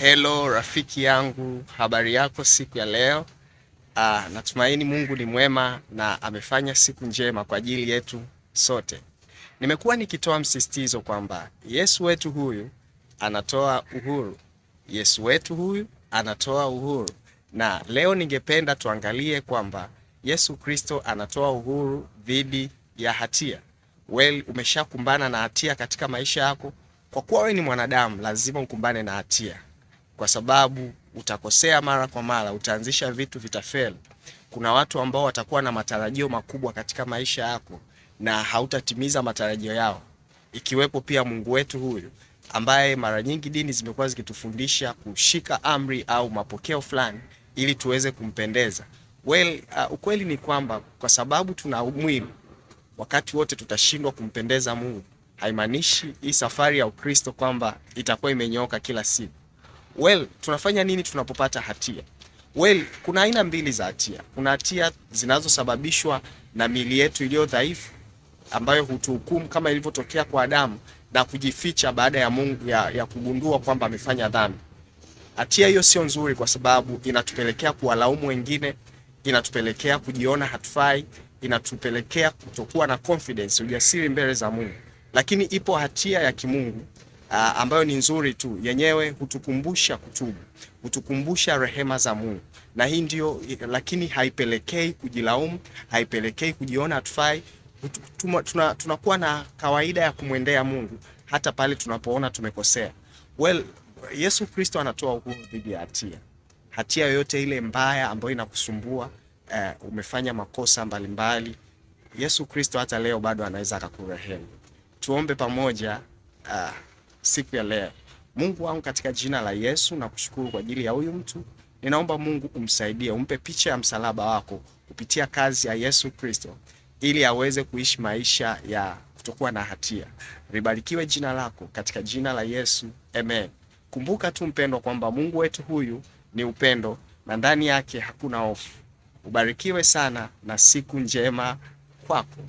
Hello rafiki yangu, habari yako siku ya leo? Aa, ah, natumaini Mungu ni mwema na amefanya siku njema kwa ajili yetu sote. Nimekuwa nikitoa msisitizo kwamba Yesu wetu huyu anatoa uhuru, Yesu wetu huyu anatoa uhuru, na leo ningependa tuangalie kwamba Yesu Kristo anatoa uhuru dhidi ya hatia. Well, umeshakumbana na hatia katika maisha yako? Kwa kuwa wewe ni mwanadamu, lazima ukumbane na hatia kwa sababu utakosea mara kwa mara, utaanzisha vitu vitafail. Kuna watu ambao watakuwa na matarajio makubwa katika maisha yako na hautatimiza matarajio yao, ikiwepo pia Mungu wetu huyu ambaye mara nyingi dini zimekuwa zikitufundisha kushika amri au mapokeo fulani ili tuweze kumpendeza. Well, uh, ukweli ni kwamba kwa sababu tuna mwili wakati wote tutashindwa kumpendeza Mungu. Haimaanishi hii safari ya Ukristo kwamba itakuwa imenyooka kila siku. Well, tunafanya nini tunapopata hatia? Well, kuna aina mbili za hatia. Kuna hatia zinazosababishwa na mili yetu iliyo dhaifu ambayo hutuhukumu kama ilivyotokea kwa Adamu na kujificha baada ya Mungu ya, ya kugundua kwamba amefanya dhambi. Hatia hiyo sio nzuri kwa sababu inatupelekea kuwalaumu wengine, inatupelekea kujiona hatufai, inatupelekea kutokuwa na confidence, ujasiri mbele za Mungu. Lakini ipo hatia ya kimungu uh, ambayo ni nzuri tu, yenyewe hutukumbusha kutubu, hutukumbusha rehema za Mungu, na hii ndio lakini haipelekei kujilaumu, haipelekei kujiona hatufai. Tunakuwa tuna, tuna na kawaida ya kumwendea Mungu hata pale tunapoona tumekosea. Well, Yesu Kristo anatoa uhuru dhidi ya hatia, hatia yoyote ile mbaya ambayo inakusumbua uh, umefanya makosa mbalimbali mbali. Yesu Kristo hata leo bado anaweza akakurehemu. Tuombe pamoja uh, siku ya leo. Mungu wangu, katika jina la Yesu nakushukuru kwa ajili ya huyu mtu. Ninaomba Mungu umsaidie, umpe picha ya msalaba wako kupitia kazi ya Yesu Kristo ili aweze kuishi maisha ya kutokuwa na hatia. Libarikiwe jina lako katika jina la Yesu, amen. Kumbuka tu mpendwa, kwamba Mungu wetu huyu ni upendo na ndani yake hakuna hofu. Ubarikiwe sana na siku njema kwako.